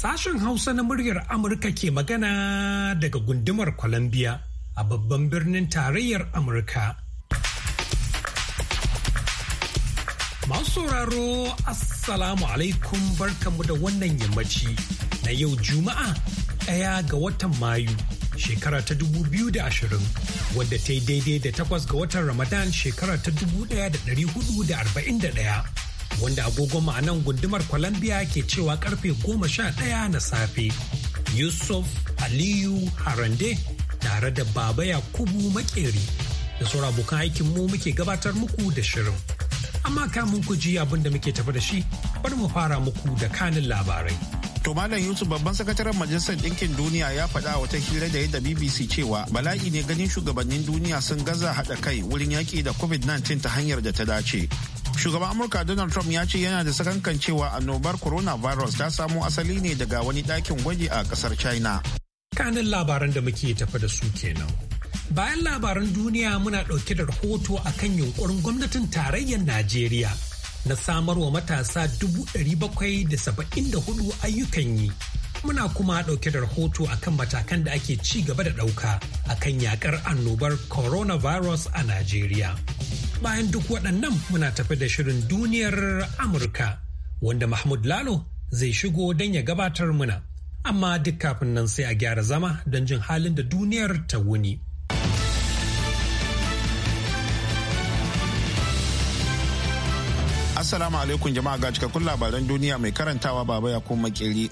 Sashen Hausa na muryar Amurka ke magana daga gundumar Columbia a babban birnin tarayyar Amurka. Masu sauraro Assalamu alaikum barkamu da wannan yammaci na yau Juma'a ɗaya ga watan Mayu shekara ta 2020 wadda ta yi daidai da takwas ga watan Ramadan shekara ta 1441. wanda agogon ma'anan a gundumar Columbia ke cewa karfe goma sha ɗaya na safe. Yusuf Aliyu Harande tare da Baba Yakubu Makeri da sauran abokan aikin mu muke gabatar muku da shirin. Amma kamun ku ji abin da muke tafi da shi bari mu fara muku da kanin labarai. To Malam Yusuf babban sakataren Majalisar Ɗinkin Duniya ya faɗa wata hira da yadda BBC cewa bala'i ne ganin shugabannin duniya sun gaza haɗa kai wurin yaƙi da COVID-19 ta hanyar da ta dace. shugaban amurka donald trump ya ce yana da sakankan cewa annobar coronavirus ta samo asali ne daga wani ɗakin gwaji a ƙasar china kanin labaran da muke tafa da su kenan bayan labaran duniya muna ɗauke da rahoto a kan yunkurin gwamnatin tarayyar najeriya na samarwa matasa 774 ayyukan yi muna kuma ɗauke da rahoto a kan matakan da ake ci gaba da ɗauka a kan yakar annobar coronavirus a najeriya Bayan duk waɗannan muna tafi da shirin duniyar Amurka wanda Mahmud Lalo zai shigo don ya gabatar muna. Amma duk kafin nan sai a gyara zama don jin halin da duniyar ta wuni. Assalamu alaikum jama'a ga cikakkun labaran duniya mai karantawa baba ya kuma makeri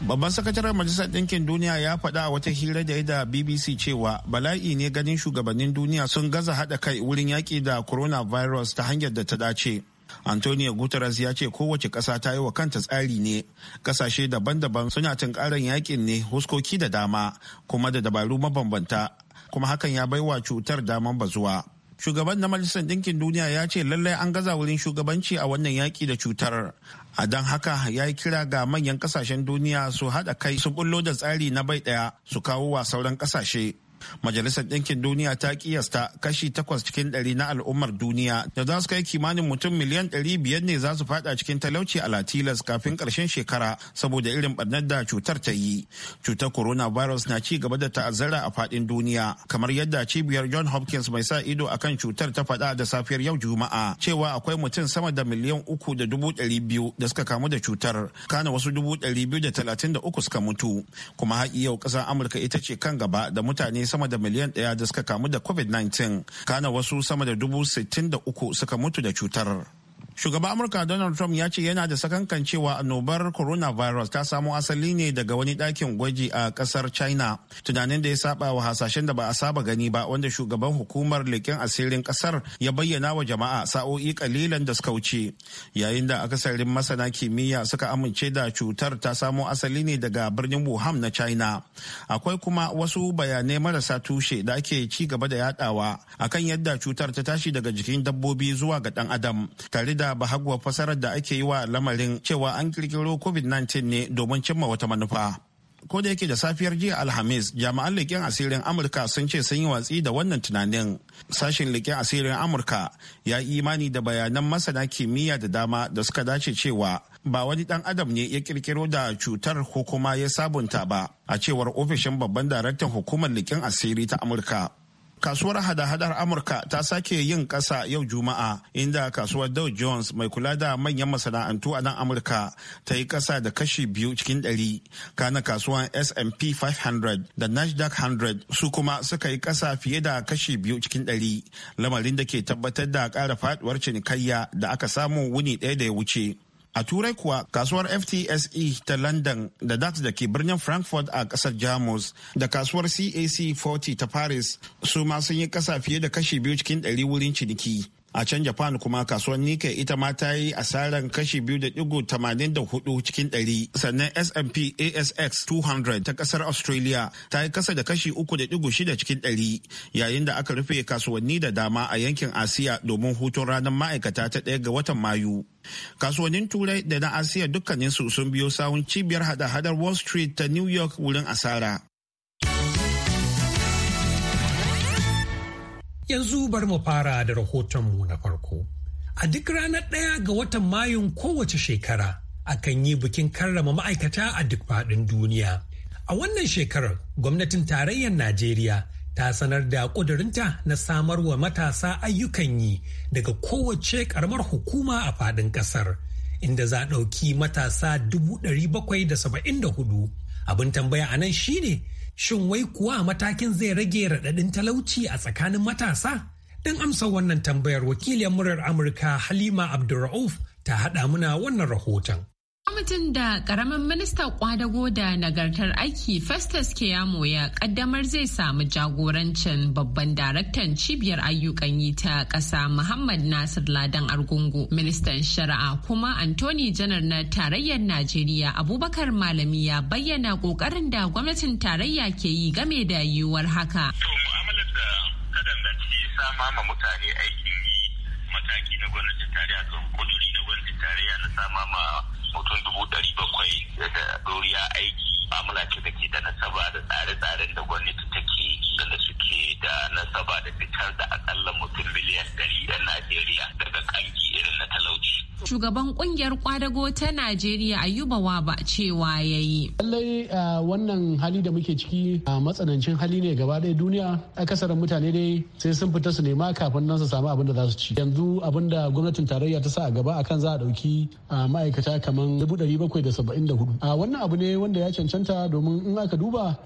Babban sakataren Majalisar Ɗinkin Duniya ya faɗa a wata hira da ya da BBC cewa bala'i ne ganin shugabannin duniya sun gaza haɗa kai wurin yaƙi da coronavirus ta hanyar da ta dace. Antonio Guterres ya ce kowace ƙasa ta yi wa kanta tsari ne, ƙasashe daban-daban suna tunkarar yaƙin ne huskoki da dama kuma da dabaru mabambanta, kuma hakan ya baiwa cutar daman bazuwa. shugaban na majalisar ɗinkin duniya ya ce lallai an gaza wurin shugabanci a wannan yaƙi da cutar a don haka ya yi kira ga manyan ƙasashen duniya su haɗa kai su bullo da tsari na bai ɗaya su kawo wa sauran ƙasashe Majalisar Ɗinkin Duniya ta kiyasta kashi takwas cikin ɗari na al'ummar duniya da za su kai kimanin mutum miliyan ɗari biyar ne za su fada cikin talauci a Latilas kafin karshen shekara saboda irin ɓarnar da cutar ta yi. Cutar corona virus na ci gaba da ta'azzara a faɗin duniya kamar yadda cibiyar John Hopkins mai sa ido akan cutar ta faɗa da safiyar yau Juma'a cewa akwai mutum sama da miliyan uku da dubu ɗari biyu da suka kamu da cutar kana wasu dubu ɗari biyu da talatin da uku suka mutu kuma har yau ƙasar Amurka ita ce kan gaba da mutane sama da miliyan ɗaya da suka kamu da covid-19 kana wasu sama da dubu sittin da uku suka mutu da cutar Shugaban Amurka Donald Trump ya ce yana da sakankan cewa annobar coronavirus ta samo asali ne daga wani ɗakin gwaji a ƙasar China. Tunanin da ya saba wa hasashen da ba a saba gani ba wanda shugaban hukumar leƙen asirin ƙasar ya bayyana wa jama'a sa'o'i kalilan da suka wuce. Yayin da akasarin masana kimiyya suka amince da cutar ta samo asali ne daga birnin Wuhan na China. Akwai kuma wasu bayanai marasa tushe da ake ci gaba da yadawa akan yadda cutar ta tashi daga jikin dabbobi zuwa ga ɗan adam tare da da fasarar da ake yi wa lamarin cewa an kirkiro covid-19 ne domin cimma wata manufa ko da yake da safiyar jiya alhamis jami'an leƙen asirin amurka sun ce sun yi watsi da wannan tunanin sashen leƙen asirin amurka ya imani da bayanan masana kimiyya da dama da suka dace cewa ba wani dan adam ne ya kirkiro da cutar ko kuma ya sabunta ba a cewar ofishin babban daraktan hukumar leƙen asiri ta amurka kasuwar hada-hadar amurka ta sake yin kasa yau juma'a inda kasuwar dow jones mai kula da manyan masana'antu a nan amurka ta yi kasa da kashi biyu cikin ɗari kana kasuwar smp 500 da nasdaq 100 su kuma suka yi kasa fiye da kashi biyu cikin ɗari lamarin da ke tabbatar da ƙara faduwar cinikayya da aka samu wuni ɗaya da ya wuce A Turai kuwa kasuwar FTSE ta London da DAX da ke birnin Frankfurt a kasar Jamus da kasuwar CAC 40 ta Paris su ma sun yi kasa fiye da kashi biyu cikin ɗari wurin ciniki. a can japan kuma kasuwar nikkei ita ma ta yi asarar kashi biyu da digo tamanin da hudu cikin ɗari sannan S&P asx 200 ta kasar australia ta yi kasa da kashi uku da digo shida cikin ɗari yayin da aka rufe kasuwanni da dama a yankin asiya domin hutun ranar ma'aikata ta ɗaya ga watan mayu kasuwannin turai da na asiya dukkaninsu sun biyo sawun cibiyar hada-hadar wall street ta new york wurin asara Yanzu bari mu fara da rahotonmu na farko. A duk ranar ɗaya ga watan Mayun kowace shekara, akan yi bikin karrama ma'aikata a duk faɗin duniya. A wannan shekarar, gwamnatin tarayyar Najeriya ta sanar da ƙudurinta na samar wa matasa ayyukan yi daga kowace ƙaramar hukuma a faɗin ƙasar, inda za ɗauki matasa dubu ɗari bakwai da da saba'in hudu, Abin tambaya a nan shine Shin wai kuwa matakin zai rage raɗaɗin talauci a tsakanin matasa? Don amsa wannan tambayar wakiliyar murar Amurka Halima Abdulra'uf ta haɗa muna wannan rahoton. Kwamitin da karamin ministan kwadago da nagartar aiki Festus Keyamo ya kaddamar zai samu jagorancin babban daraktan cibiyar ayyukan yi ta ƙasa Muhammad Nasir Ladan Argungu, ministan shari'a kuma antoni Janar na tarayyar Najeriya Abubakar Malami ya bayyana ƙoƙarin da gwamnatin tarayya ke yi game da yiwuwar haka. da mutane aikin yi mataki na gwamnatin Jariya na sama ma mutum dubu ɗari bakwai da ɗoriya aiki amula ce da ke da nasaba da tsare-tsaren da gwamnati take da suke da nasaba da fitar da akalla mutum miliyan ɗari da Najeriya daga kanki irin na talauci. Shugaban kungiyar kwadago ta Najeriya Ayuba Waba cewa yayi Lallai wannan hali da muke ciki a matsanancin hali ne gaba ɗaya duniya akasarin mutane dai sai sun fita su nema kafin nan su samu abin da za su ci. Yanzu abin da gwamnatin tarayya ta sa a gaba akan za a ɗauki ma'aikata kamar dubu ɗari bakwai da saba'in da hudu. Wannan abu ne wanda ya cancanta domin in aka duba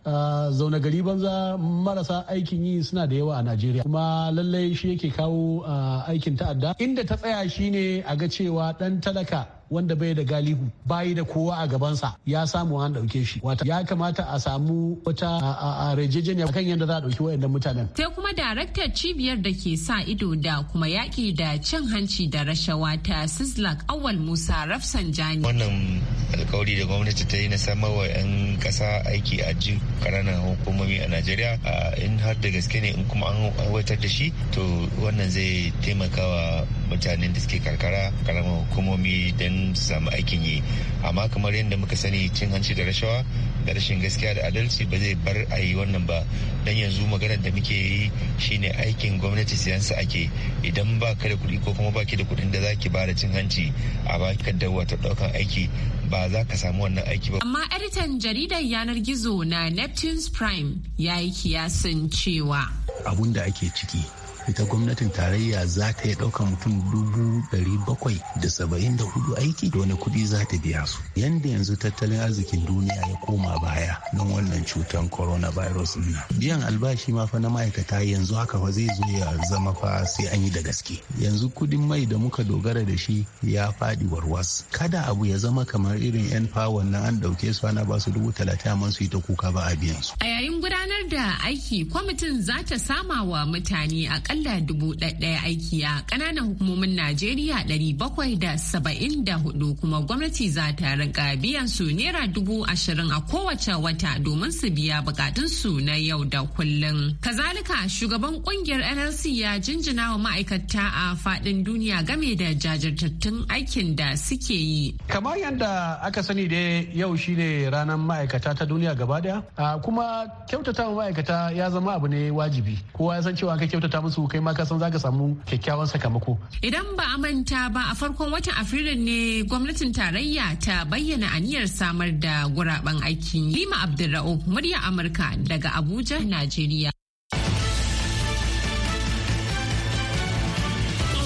zaune gari banza marasa aikin yi suna da yawa a Najeriya. Kuma lallai shi yake kawo aikin ta'adda. Inda ta tsaya shine a ga cewa And dan talaka wanda bai da galihu bayi da kowa a gabansa ya samu an dauke shi wata ya kamata a samu wata a ya kan yadda za a dauki wayannan mutanen sai kuma daraktar cibiyar da ke sa ido da kuma yaƙi da cin hanci da rashawa ta sislak awal musa rafsan rafsanjani wannan alkawari da gwamnati ta yi na samar wa 'yan kasa aiki a ji karanan hukumomi a najeriya in har da gaske ne in kuma an aiwatar da shi to wannan zai taimakawa mutanen da suke karkara karamar hukumomi da sun samu aikin yi amma kamar yadda muka sani cin hanci da rashawa da rashin gaskiya da adalci ba zai bar a yi wannan ba don yanzu maganar da muke yi shine aikin gwamnati siyansa ake idan ba ka da kuɗi ko kuma ba ki da kuɗin da za ki ba da cin hanci a ba ka da wata ɗaukan aiki ba za ka samu wannan aiki ba. Amma editan jaridar yanar gizo na Neptune's Prime ya yi kiyasin cewa. Abun da ake ciki ita gwamnatin tarayya za ta yi ɗaukar mutum dubu ɗari bakwai da saba'in da hudu aiki da wani kuɗi za ta biya su yanda yanzu tattalin arzikin duniya ya koma baya don wannan cutar coronavirus ɗin biyan albashi ma fa na ma'aikata yanzu haka fa zai zo ya zama fa sai an yi da gaske yanzu kuɗin mai da muka dogara da shi ya faɗi warwas kada abu ya zama kamar irin 'yan fawon nan an ɗauke su ana ba su dubu talatin amma su yi ta kuka ba a biyan su a yayin gudanar da aiki kwamitin za ta sama wa mutane a akalla dubu ɗaya aiki a ƙananan hukumomin Najeriya ɗari bakwai da saba'in da hudu kuma gwamnati za ta rika biyan su naira dubu ashirin a kowace wata domin su biya bukatunsu na yau da kullum. Kazalika shugaban ƙungiyar NLC ya jinjina wa ma'aikata a faɗin duniya game da jajirtattun aikin da suke yi. Kamar yadda aka sani dai yau shine ranar ma'aikata ta duniya gaba daya kuma kyautata ma'aikata ya zama abu ne wajibi kowa ya san cewa ka kyautata musu kai ma ka san zaka samu kyakkyawan sakamako idan ba a manta ba a farkon watan afrilu ne gwamnatin tarayya ta bayyana aniyar samar da guraben aiki. lima Abdulra'u murya amurka daga abuja najeriya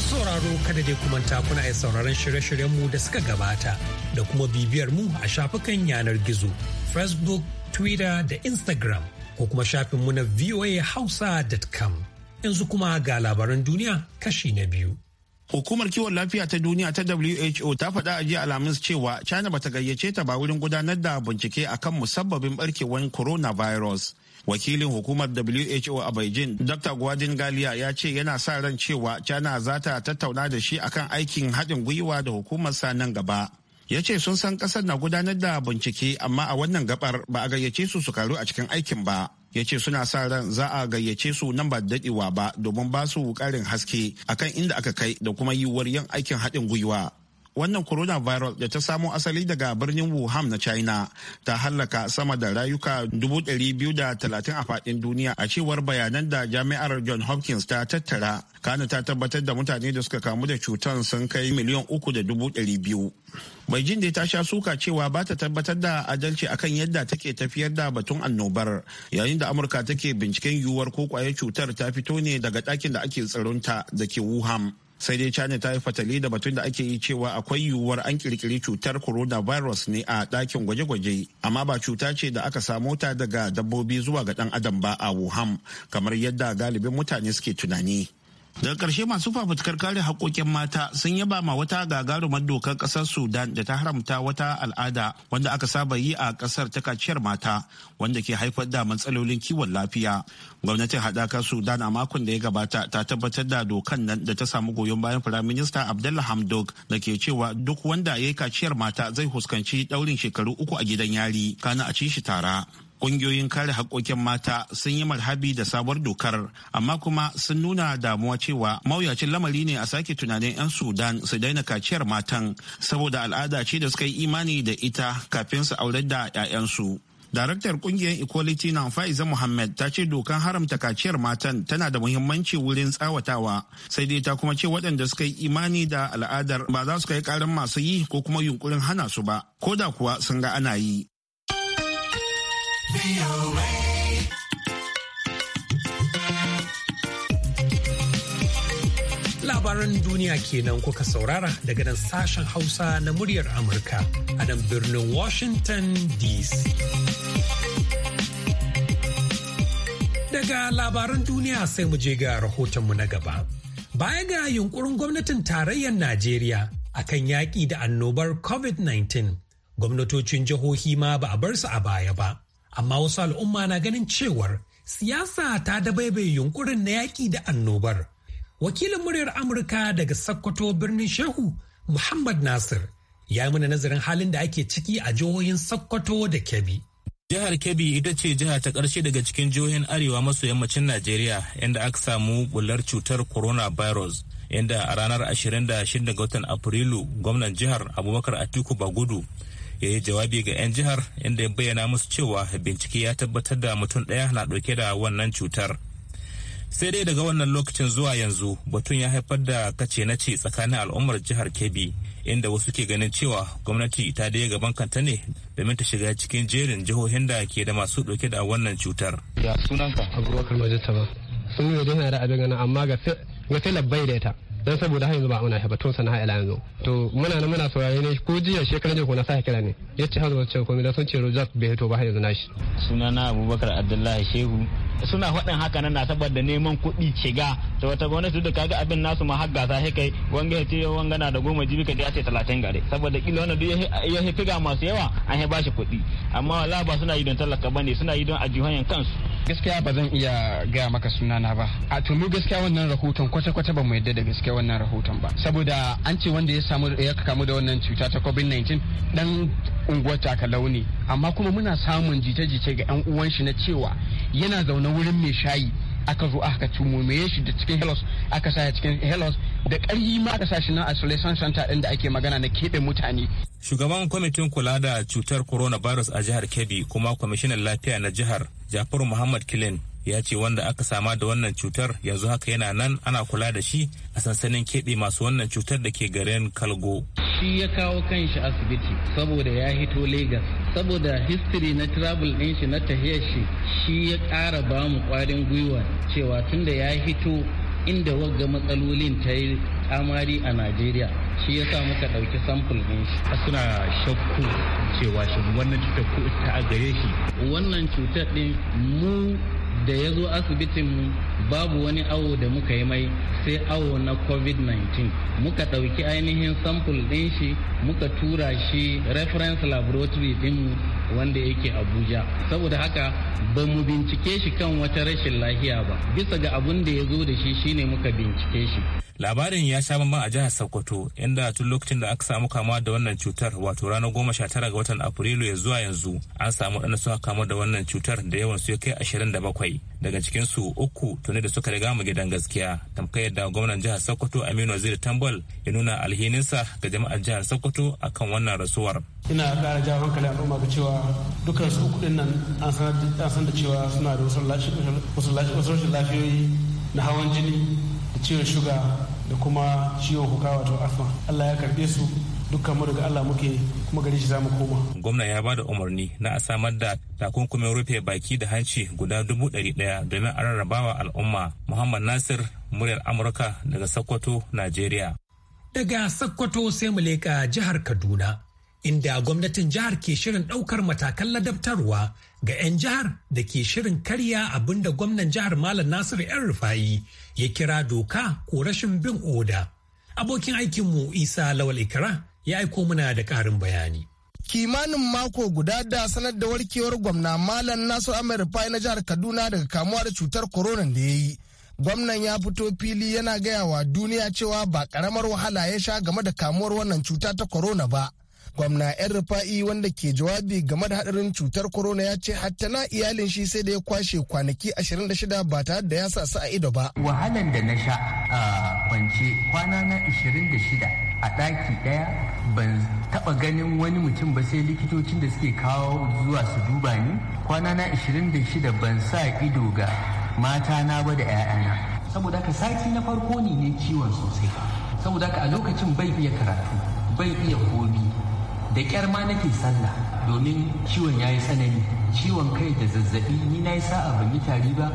sauraro kada dai kumanta kuna iya sauraron shirye-shiryenmu da suka gabata da kuma bibiyar mu a shafukan yanar gizo facebook twitter da instagram ko kuma shafinmu na voahausa.com Yanzu kuma ga labaran duniya kashi na biyu. Hukumar kiwon lafiya ta duniya ta WHO ta faɗa a jiya Alhamis cewa China bata gayyace ta ba wurin gudanar da bincike akan musabbabin barkewar coronavirus. Wakilin hukumar WHO a Beijing, Dr. Gwadin Galiya ya ce yana sa ran cewa China za ta tattauna da shi akan aikin haɗin gwiwa da hukumar sa nan gaba. Ya ce sun san ƙasar na gudanar da bincike amma a wannan gabar ba a gayyace su su karu a cikin aikin ba. ya ce suna sa ran za a gayyace su nan ba daɗewa ba domin ba su ƙarin haske akan inda aka kai da kuma yiwuwar yin aikin haɗin gwiwa. wannan coronavirus da ta samo asali daga birnin wuhan na china ta hallaka sama da rayuka talatin a faɗin duniya a cewar bayanan da jami'ar john hopkins ta tattara kana ta tabbatar da mutane da suka kamu da cutar sun kai miliyan uku da dubu ɗari biyu beijing dai ta sha suka cewa ba ta tabbatar da adalci akan yadda take tafiyar da batun annobar yayin da amurka take binciken yiwuwar ko kwayar cutar ta fito ne daga ɗakin da ake tsaronta da ke wuhan sai dai china ta yi fatali da batun da ake yi cewa akwai yiwuwar an kirkiri cutar coronavirus ne a dakin gwaje-gwaje amma ba cuta ce da aka samo ta daga dabbobi zuwa ga ɗan adam ba a wuhan kamar yadda galibin mutane suke tunani daga ƙarshe masu fafutukar kare haƙoƙin mata sun yaba ma wata gagarumar dokar ƙasar sudan da ta haramta wata al'ada wanda aka saba yi a ƙasar ta kaciyar mata wanda ke haifar da matsalolin kiwon lafiya gwamnatin haɗakar sudan a makon da ya gabata ta tabbatar da dokan nan da ta samu goyon bayan firaminista abdullah hamdok da ke cewa duk wanda ya yi kaciyar mata zai fuskanci ɗaurin shekaru uku a gidan yari kana a ci shi tara Ƙungiyoyin kare haƙoƙin mata sun yi marhabi da sabuwar dokar, amma kuma sun nuna damuwa cewa mawuyacin lamari ne a sake tunanin 'yan Sudan su daina kaciyar matan saboda al'ada ce da suka yi imani da ita kafin su aurar da 'ya'yansu. Daraktar ƙungiyar Equality na Faiza Muhammad ta ce dokan haramta kaciyar matan tana da muhimmanci wurin tsawatawa sai dai ta kuma ce waɗanda suka yi imani da al'adar ba za su kai karin masu yi ko kuma yunkurin hana su ba ko da kuwa sun ga ana yi. Labaran duniya kenan kuka saurara daga nan sashen Hausa na muryar Amurka a nan birnin Washington DC. Daga labaran duniya sai mu je ga rahotonmu na gaba. Baya ga yunkurin gwamnatin tarayyar Najeriya a kan yaƙi da annobar COVID-19, gwamnatocin jihohi ma ba a bar su a baya ba. amma wasu al'umma na ganin cewar siyasa ta dabaibaye yunkurin na yaƙi da annobar. Wakilin muryar Amurka daga Sokoto birnin Shehu Muhammad Nasir ya yi mana nazarin halin da ake ciki a jihohin Sokoto da Kebbi. Jihar Kebbi ita ce jiha ta ƙarshe daga cikin jihohin Arewa maso yammacin Najeriya inda aka samu bular cutar coronavirus. Inda a ranar 26 ga watan Afrilu gwamnan jihar Abubakar Atiku Bagudu ya yi jawabi ga 'yan jihar inda ya bayyana musu cewa bincike ya tabbatar da mutum ɗaya na ɗauke da wannan cutar sai dai daga wannan lokacin zuwa yanzu batun ya haifar da kace na ce tsakanin al'ummar jihar kebbi inda wasu ke ganin cewa gwamnati ta daya gaban kanta ne domin ta shiga cikin jerin jihohin da ke da masu ɗauke da wannan cutar ya sunanka abubakar majita ba sun yi da abin amma ga labbai da ita dan saboda haka yanzu ba muna shi ba tun sana'a ila yanzu to muna nan muna saurare ne ko jiya shekaran jiya ko na sake kira ne ce har zuwa ko da sun ce Rojak bai hito ba yanzu nashi sunana Abubakar Abdullahi Shehu suna faɗin haka nan na saboda neman kuɗi shiga to wata gwamnati da kaga abin nasu ma har gasa sai kai wanga ya ce wanga na da goma jibi ka ya ce talatin gare saboda kila wannan duk ya fi ga masu yawa an ya bashi kuɗi amma wallahi ba suna yi don talaka bane suna yi don ajihohin kansu gaskiya ba zan iya ga maka sunana ba a to mu gaskiya wannan rahoton kwata-kwata ba mu yadda da gaskiya wannan rahoton ba saboda an ce wanda ya samu ya kamu da wannan cuta ta covid-19 dan unguwar takalau ne amma kuma muna samun jita jice ga yan uwan shi na cewa yana zaune wurin mai shayi aka zo aka tumume shi da cikin helos aka sa cikin helos da ƙarfi ma aka sa shi na isolation center din da ake magana na keɓe mutane. Shugaban kwamitin kula da cutar coronavirus a jihar Kebbi kuma kwamishinan lafiya na jihar Jafaru Muhammad Kilin ya ce wanda aka sama da wannan cutar yanzu haka yana nan ana kula da shi a sansanin keɓe masu wannan cutar da ke garin kalgo shi ya kawo kan shi asibiti saboda ya hito Legas saboda history na travel din shi na tahiyar shi shi ya ƙara ba mu ƙwarin gwiwa cewa tunda ya hito inda wagga matsalolin ta yi kamari a Najeriya shi ya sa muka ɗauki samfur ɗin shi. Suna shakku cewa shi wannan cutar ko ta a gare shi. Wannan cutar ɗin mu da ya zo asibitin babu wani awo da muka yi mai sai awo na covid-19 muka ɗauki ainihin sample ɗin shi muka tura shi reference laboratory ɗinmu wanda yake abuja saboda haka ba mu bincike shi kan wata rashin lahiya ba bisa ga abin da ya zo da shi shine muka bincike shi labarin ya sha bamban a jihar sokoto inda tun lokacin da aka samu kama da wannan cutar wato ranar goma sha tara ga watan afrilu ya zuwa yanzu an samu waɗanda suka kamu da wannan cutar da yawan su ya kai ashirin da bakwai daga cikin su uku tuni da suka riga mu gidan gaskiya tamkar yadda gwamnan jihar sokoto aminu wazir tambal ya nuna alhininsa ga jama'ar jihar sokoto akan wannan rasuwar ina kara jawo hankali al'umma ga cewa dukkan su uku nan an san da cewa suna da wasu rashin lafiyoyi na hawan jini da ciwon shuga da kuma ciwon huka wato asma Allah ya karbe su dukkan mu daga Allah muke kuma gari shi za mu koma. Gwamna ya ba da umarni na a samar da takunkumin rufe baki da hanci guda dubu ɗari ɗaya domin a rarrabawa al'umma. Muhammad Nasir muryar Amurka daga Sokoto, Najeriya. Daga Sokoto sai mu leƙa jihar Kaduna. inda gwamnatin jihar ke shirin ɗaukar matakan ladabtarwa ga 'yan jihar da ke shirin karya abin da gwamnan jihar Malam Nasiru 'yan rufayi ya kira doka ko rashin bin oda. Abokin aikinmu Isa Lawal Ikra ya aiko muna da ƙarin bayani. kimanin mako guda da sanar da warkewar gwamna malam Nasiru amir rufai na jihar kaduna daga kamuwa da cutar corona da ya yi gwamnan ya fito fili yana gaya wa duniya cewa ba ƙaramar wahala ya sha game da kamuwar wannan cuta ta corona ba gwamna yan rufa'i wanda ke jawabi game da hadarin cutar corona ya ce hatta na iyalin shi sai da ya kwashe kwanaki 26 ba tare da ya sa su a ido ba wahalan da na sha a kwance kwana na 26 a daki ɗaya ban taba ganin wani mutum ba sai likitocin da suke kawo zuwa su duba ni kwana na 26 ban sa ido ga mata na ba da 'ya'yana saboda ka sati na farko ne ne ciwon sosai saboda ka a lokacin bai iya karatu bai iya komi da kyar ma nake sallah domin ciwon ya yi tsanani ciwon kai da zazzabi ni na yi sa'a ban yi tari ba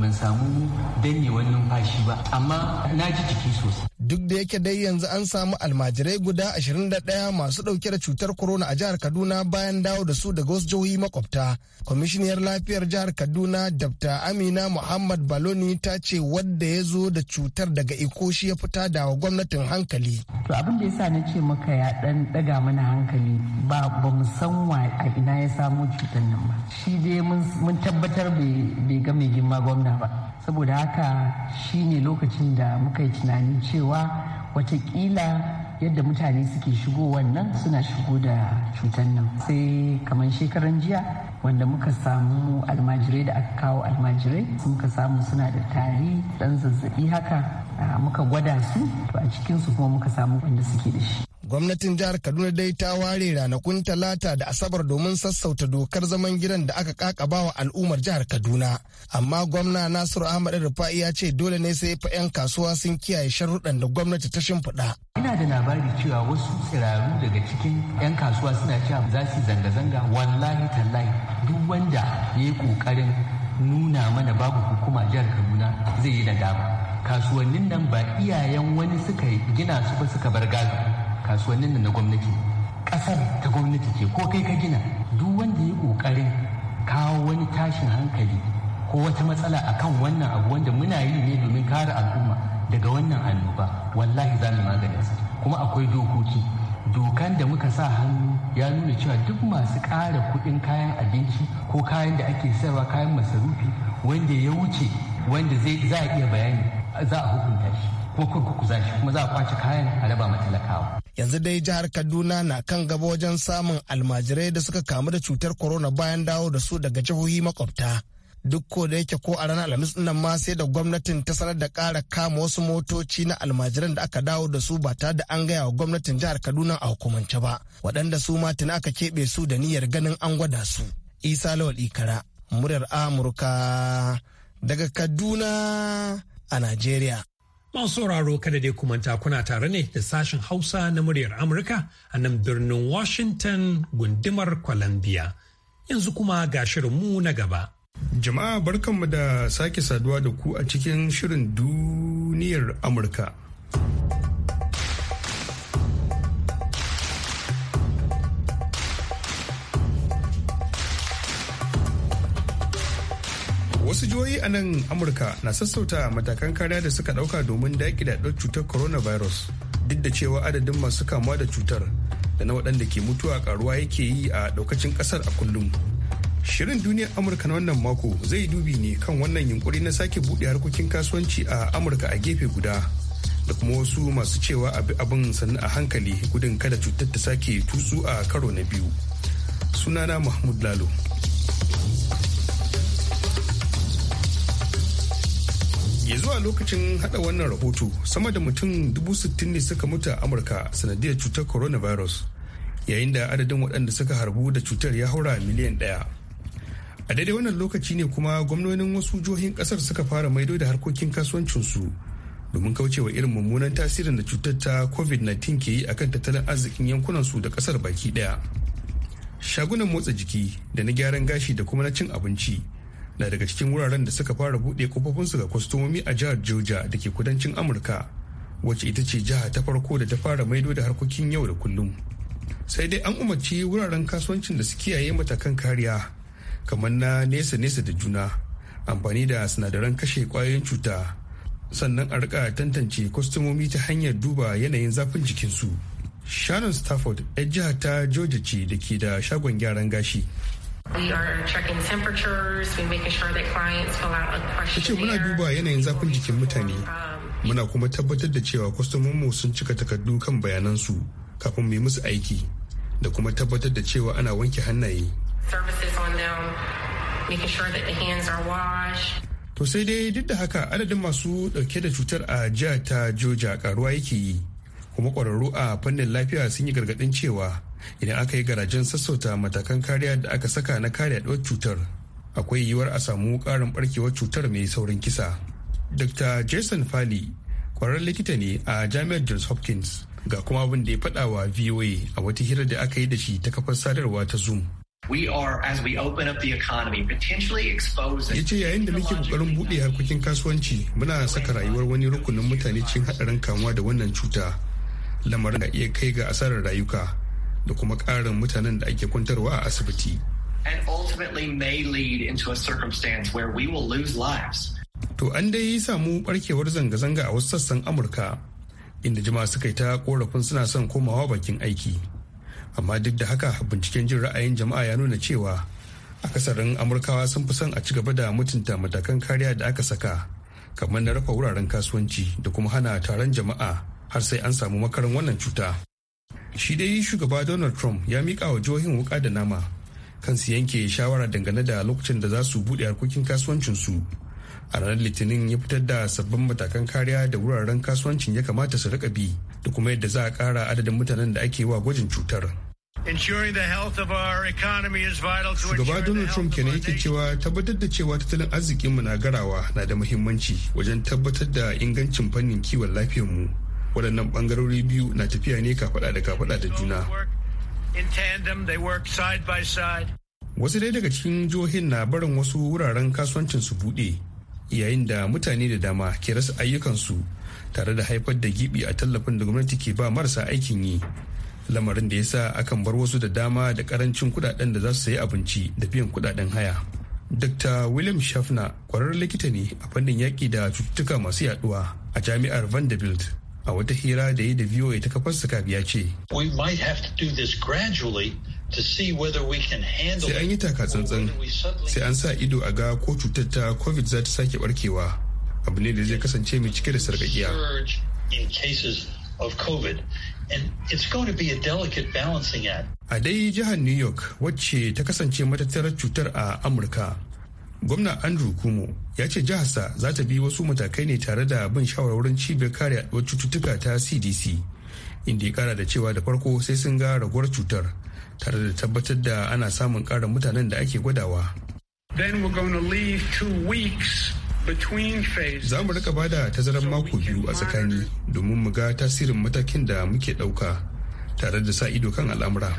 ban samu danne wani numfashi ba amma na ji jiki sosai duk da yake dai yanzu an samu almajirai guda 21 masu ɗauke da cutar corona a jihar kaduna bayan dawo da su daga wasu jihohi makwabta kwamishiniyar lafiyar jihar kaduna dr amina muhammad baloni ta ce wadda ya zo da cutar daga ikoshi ya fita da wa gwamnatin hankali to abin da yasa na ce maka ya dan daga mana hankali ba mu san wa a ina ya samo cutar nan ba shi dai mun tabbatar bai ga mai girma gwamna ba saboda haka shi ne lokacin da muka yi tunanin cewa watakila yadda mutane suke shigo wannan suna shigo da cutar nan sai kamar shekaran jiya wanda muka samu almajirai da aka kawo almajirai muka samu suna da tari dan zazzabi haka ah, muka gwada su to a cikinsu kuma muka samu wanda suke da shi gwamnatin jihar kaduna dai ta ware ranakun talata da asabar domin sassauta dokar zaman gidan da aka kakabawa wa al'ummar jihar kaduna amma gwamna nasiru ahmad rufa'i ya ce dole ne sai fa 'yan kasuwa sun kiyaye sharuɗan da gwamnati ta shimfiɗa ina da labari cewa wasu tsiraru daga cikin 'yan kasuwa suna cewa za su zanga-zanga wallahi tallahi duk wanda ya yi ƙoƙarin nuna mana babu hukuma jihar kaduna zai yi nadama kasuwannin nan ba iyayen wani suka gina su ba suka bar gado kasuwannin nan na gwamnati ƙasar ta gwamnati ce ko kai ka gina duk wanda ya ƙoƙarin kawo wani tashin hankali ko wata matsala akan wannan abu wanda muna yi ne domin kare al'umma daga wannan annoba wallahi za mu maganin kuma akwai dokoki dokan da muka sa hannu ya nuna cewa duk masu ƙara kuɗin kayan abinci ko kayan da ake sayarwa kayan masarufi wanda ya wuce wanda zai za a iya bayani za a hukunta shi ko kurkuku za shi kuma za a kwace kayan a raba matalakawa. yanzu dai jihar kaduna na kan gaba wajen samun almajirai da suka kamu da cutar corona bayan dawo da su daga jihohi makwabta duk ko da yake ko a ranar alhamis nan ma sai da gwamnatin ta sanar da kara kama wasu motoci na almajiran da aka dawo da su ba tare da an gaya wa gwamnatin jihar kaduna a hukumance ba waɗanda su ma tuni aka keɓe su da niyyar ganin an gwada su isa lawal ikara muryar amurka daga kaduna a najeriya Masu sauraro kada dai kumanta kuna tare ne da sashen Hausa na muryar Amurka a nan birnin Washington gundumar Columbia. Yanzu kuma ga shirinmu na gaba. Jama'a barkanmu da sake saduwa da ku a cikin shirin duniyar Amurka. Wasu jihohi a nan Amurka na sassauta matakan kariya da suka dauka domin daƙi da cutar coronavirus duk da cewa adadin masu kamuwa da cutar da na waɗanda ke mutuwa karuwa yake yi a ɗaukacin ƙasar a kullum. Shirin duniyar Amurka na wannan mako zai dubi ne kan wannan yunkuri na sake buɗe harkokin kasuwanci a Amurka a gefe guda da kuma wasu masu cewa abi abin sannu a hankali gudun kada cutar ta sake tutsu a karo na biyu. Sunana Mahmud Lalo. ya zuwa lokacin hada wannan rahoto sama da mutum dubu ne suka mutu a amurka sanadiyar cutar coronavirus yayin da adadin waɗanda suka harbu da cutar ya haura miliyan ɗaya a daidai wannan lokaci ne kuma gwamnonin wasu jihohin ƙasar suka fara maido da harkokin kasuwancinsu domin kaucewa irin mummunan tasirin da cutar ta covid-19 ke yi akan tattalin arzikin yankunansu da ƙasar baki ɗaya shagunan motsa jiki da na gyaran gashi da kuma na cin abinci na daga cikin wuraren da suka fara buɗe kofofinsu ga kwastomomi a jihar Georgia da ke kudancin Amurka wacce ita ce jiha ta farko da ta fara maido da harkokin yau da kullum. Sai dai an umarci wuraren kasuwancin da su kiyaye matakan kariya kamar na nesa-nesa da juna amfani da sinadaran kashe kwayoyin cuta sannan a rika tantance kwastomomi ta hanyar duba yanayin zafin jikinsu. Shannon Stafford 'yar jiha ta Georgia ce da ke da shagon gyaran gashi Ta ce muna duba yanayin zafin jikin mutane, muna kuma tabbatar da cewa mu sun cika takardu kan bayanansu kafin mu musu aiki da kuma tabbatar da cewa ana wanke hannaye. To sai dai duk da haka adadin masu dauke da cutar a jihar ta Joja karuwa yake yi, kuma kwararru a fannin lafiya sun yi gargadin cewa idan aka yi garajen sassauta matakan kariya da aka saka na kare aɗuwar cutar akwai yiwuwar a samu karin barkewar cutar mai saurin kisa dr jason fali kwararren likita ne a jami'ar johns hopkins ga kuma abin da ya faɗa wa voa a wata hira da aka yi da shi ta kafar sadarwa ta zoom ya ce yayin da muke kokarin buɗe harkokin kasuwanci muna saka rayuwar wani rukunin mutane cikin haɗarin kamuwa da wannan cuta lamarin da iya kai ga asarar rayuka da kuma ƙarin mutanen da ake kwantarwa a asibiti. And ultimately may lead into a circumstance where we will lose lives. To an dai yi samu barkewar zanga-zanga a wasu sassan Amurka inda jama'a suka yi ta korafin suna son komawa bakin aiki. Amma duk da haka binciken jin ra'ayin jama'a ya nuna cewa akasarin Amurkawa sun fi son a ci gaba da mutunta matakan kariya da aka saka kamar na rufe wuraren kasuwanci da kuma hana taron jama'a har sai an samu makarin wannan cuta. shi dai shugaba donald trump ya mika wa jihohin wuka da nama kan su yanke shawara dangane da lokacin da za su buɗe harkokin kasuwancinsu a ranar litinin ya fitar da sabbin matakan kariya da wuraren kasuwancin ya kamata su rika bi da kuma yadda za a kara adadin mutanen da ake wa gwajin cutar Shugaba Donald Trump kenan yake cewa tabbatar da cewa tattalin arzikinmu na garawa na da muhimmanci wajen tabbatar da ingancin fannin kiwon lafiyarmu. mu. waɗannan ɓangarori biyu na tafiya ne kafaɗa da kafaɗa da juna wasu dai daga cikin jihohin na barin wasu wuraren kasuwancin su buɗe yayin da mutane da dama ke rasa ayyukansu tare da haifar da gibi a tallafin da gwamnati ke ba marasa aikin yi lamarin da ya sa akan bar wasu da dama da karancin kudaden da za su sayi abinci da biyan kudaden haya dr william shafna kwararren likita ne a fannin yaƙi da cututtuka masu yaduwa a jami'ar vanderbilt a wata hira da yi da VOA ta kafar Skype ya ce. Sai an yi taka tsantsan sai an sa ido a ga ko cutar ta COVID za ta sake barkewa. Abu ne da zai kasance mai cike da sargagiya. A dai jihar New York wacce ta kasance matattarar cutar a Amurka. gwamna andrew kumo ya ce jiharsa za ta bi wasu matakai ne tare da bin shawarwarin cibiyar kare yaduwar cututtuka ta cdc inda ya kara da cewa da farko sai sun ga raguwar cutar tare da tabbatar da ana samun karin mutanen da ake gwadawa za mu rika bada tazarar mako biyu a tsakani domin mu ga tasirin matakin da muke ɗauka tare da sa ido kan al'amura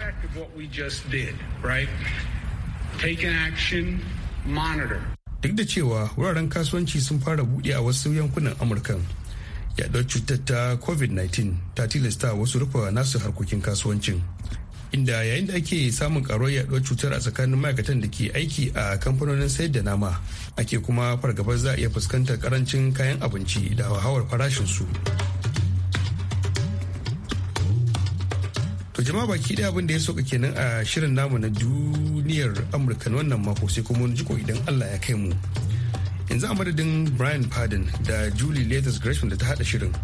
monitor. Duk da cewa wuraren kasuwanci sun fara buɗe a wasu yankunan Amurka. Yaɗuwar cutar ta COVID-19 ta tilasta wasu rufe nasu harkokin kasuwancin. Inda yayin da ake samun karuwar yaɗuwar cutar a tsakanin ma'aikatan da ke aiki a kamfanonin sayar da nama, ake kuma fargabar za a iya fuskantar karancin kayan abinci da hauhawar farashinsu. su. To jama'a baki da abin da ya soka kenan a shirin namu na duniyar Amurka na wannan mako sai kuma wani jiko idan Allah ya kai mu. Yanzu a madadin Brian Padden da Julie Latest Gresham da ta haɗa shirin.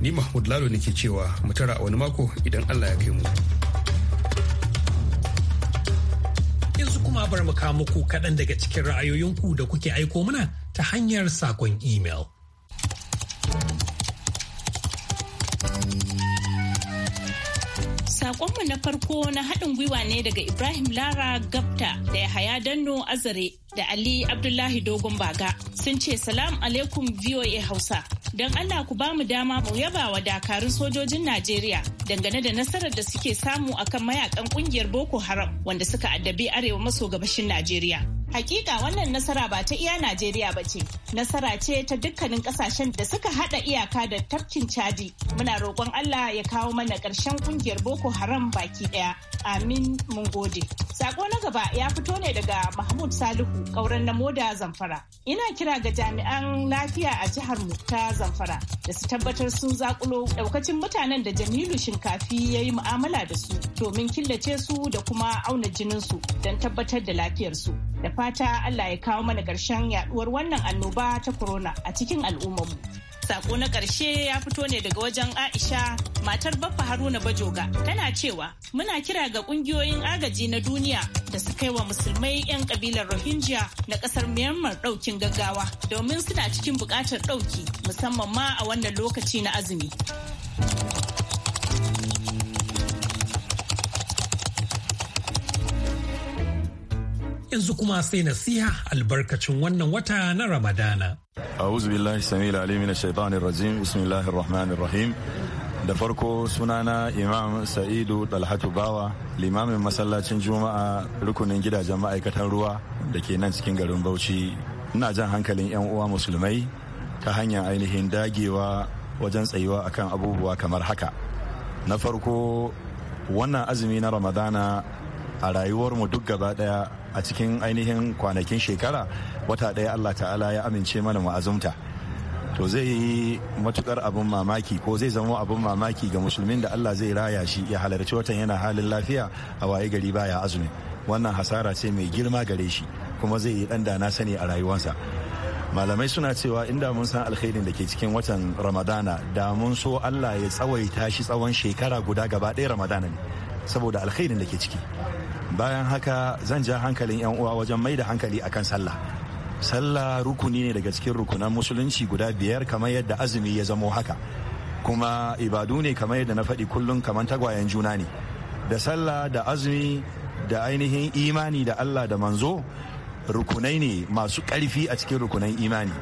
Ni Mahmud Lalo ke cewa mu a wani mako idan Allah ya kai mu. Yanzu kuma bar mu kawo muku kaɗan daga cikin ra'ayoyinku da kuke aiko mana ta hanyar saƙon email. Sakonmu na farko na haɗin gwiwa ne daga Ibrahim Lara Gabta da Yahaya Danno Azare da Ali Abdullahi Dogon Baga sun ce salam alaikum VOA Hausa. Don Allah ku ba mu dama mu yaba wa dakarun sojojin Najeriya dangane da nasarar da suke samu akan mayakan kungiyar Boko Haram wanda suka addabi arewa maso gabashin Najeriya. Hakika wannan nasara ba ta iya Najeriya ba ce, nasara ce ta dukkanin kasashen da suka haɗa iyaka da tafkin Chadi. Muna roƙon Allah ya kawo mana ƙarshen ƙungiyar Boko Haram baki ɗaya. Amin mun gode. Sako na gaba ya fito ne daga Mahmud Salihu, ƙauren na Moda Zamfara. Ina kira ga jami'an lafiya a jihar mu ta Zamfara da su tabbatar sun zakulo ɗaukacin mutanen da Jamilu Shinkafi ya yi mu'amala da su domin killace su da kuma auna jinin su don tabbatar da lafiyarsu. Da fata Allah ya kawo mana ƙarshen yaduwar wannan annoba ta corona a cikin al'ummarmu. Sako na ƙarshe ya fito ne daga wajen Aisha matar Baffa Haruna Bajoga tana cewa muna kira ga ƙungiyoyin agaji na duniya da su kai wa musulmai 'yan ƙabilar Rohingya na ƙasar Myanmar ɗaukin gaggawa domin suna cikin buƙatar ɗauki musamman ma a wannan lokaci na azumi. yanzu kuma sai nasiha albarkacin wannan wata na ramadana a'udhu billahi samil alim na shaitanin rajim bismillahir rahmanir rahim da farko sunana imam sa'idu dalhatu bawa limamin masallacin juma'a rukunin gidajen ma'aikatan ruwa da ke nan cikin garin bauchi ina jan hankalin 'yan uwa musulmai ta hanyar ainihin dagewa wajen tsayuwa akan abubuwa kamar haka na farko wannan azumi na ramadana a rayuwarmu duk gaba daya a cikin ainihin kwanakin shekara wata ɗaya allah ta'ala ya amince mana mu azumta to zai yi matukar abin mamaki ko zai zama abin mamaki ga musulmin da allah zai raya shi ya halarci watan yana halin lafiya a waye gari baya azumi wannan hasara ce mai girma gare shi kuma zai yi ɗan dana sani a rayuwarsa malamai suna cewa inda mun san alkhairin da ke cikin watan ramadana da mun so allah ya tsawaita shi tsawon shekara guda gaba ɗaya ramadana ne saboda alkhairin da ke ciki bayan haka zan ja hankalin 'yan uwa wajen mai da hankali akan sallah sallah rukuni ne daga cikin rukunan musulunci guda biyar kamar yadda azumi ya zamo haka kuma ibadu ne kamar yadda na faɗi kullum kamar tagwayen juna ne da sallah da azumi da ainihin imani da allah da manzo rukunai ne masu ƙarfi a cikin rukunan imani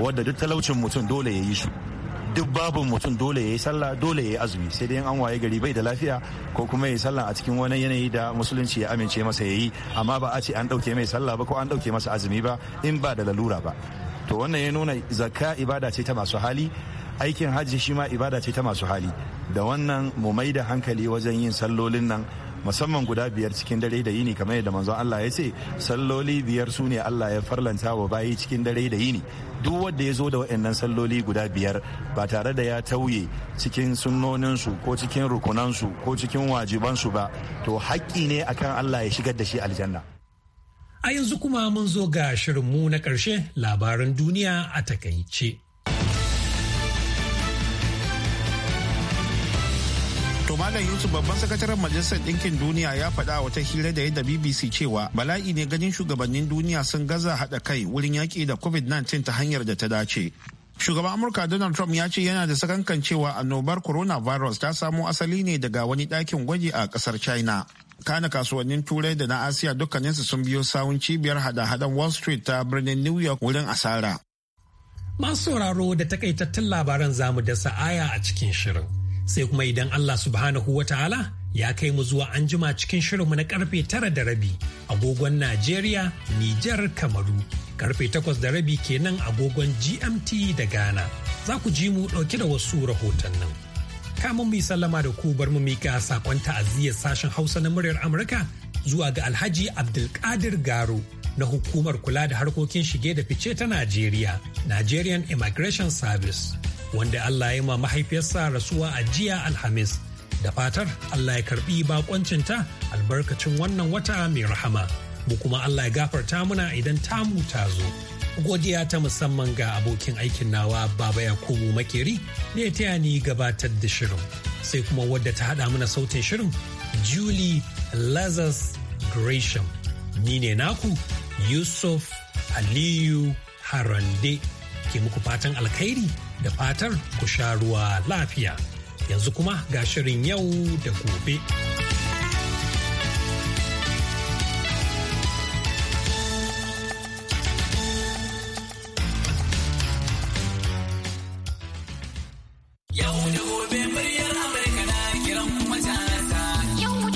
wadda duk talaucin mutum dole ya yi su duk babu mutum dole ya yi sallah dole ya yi azumi sai dai an waye gari bai da lafiya ko kuma ya yi sallah a cikin wani yanayi da musulunci ya amince masa ya yi amma ba a ce an ɗauke mai sallah ba ko an ɗauke masa azumi ba in ba da lalura ba to wannan ya nuna zakka ibada ce ta masu hali aikin hajji shi ma ibada ce ta masu hali da wannan mu mai da hankali wajen yin sallolin nan musamman guda biyar cikin dare da yini kamar yadda manzon Allah ya ce salloli biyar su ne Allah ya farlanta wa bayi cikin dare da yini duk wanda ya zo da waɗannan salloli guda biyar ba tare da ya tauye cikin sunnoninsu ko cikin rukunansu ko cikin wajibansu ba to haƙƙi ne akan Allah ya shigar da shi aljanna a yanzu kuma mun zo ga shirinmu na ƙarshe labaran duniya a takaice. To Malam Yusuf babban sakataren Majalisar Dinkin Duniya ya faɗa wata hira da yadda BBC cewa bala'i ne ganin shugabannin duniya sun gaza haɗa kai wurin yaƙi da COVID-19 ta hanyar da ta dace. Shugaban Amurka Donald Trump ya ce yana da sakankan cewa annobar coronavirus ta samo asali ne daga wani ɗakin gwaji a ƙasar China. kana kasuwannin turai da na asiya dukkaninsu sun biyo sawun cibiyar hada-hadan wall street ta birnin new york wurin asara masu sauraro da takaitattun labaran zamu da sa'aya a cikin shirin sai kuma idan Allah subhanahu wa ta'ala ya kai mu zuwa anjima jima cikin shirinmu na karfe tara da rabi agogon Najeriya, Nijar, Kamaru. Karfe takwas da rabi kenan agogon GMT da Ghana. Za ku ji mu ɗauke da wasu rahoton nan. Kamun mai sallama da ku bar mu mika sakon ta'aziyyar sashen Hausa na muryar Amurka zuwa ga Alhaji Abdulkadir Garo na hukumar kula da harkokin shige da fice ta Najeriya, Nigerian Immigration Service. wanda Allah ya ma mahaifiyarsa rasuwa a jiya Alhamis. Da fatar Allah ya karbi bakoncinta albarkacin wannan wata mai rahama. Mu kuma Allah ya gafarta muna idan tamu ta zo. Godiya ta musamman ga abokin aikin nawa Baba Yakubu Makeri ne ta ni gabatar da shirin. Sai kuma wadda ta haɗa mana sautin shirin Julie Lazarus Gresham. Ni ne naku Yusuf Aliyu Harande ke muku fatan alkhairi da fatar ku sha ruwa lafiya. Yanzu kuma ga shirin yau da gobe.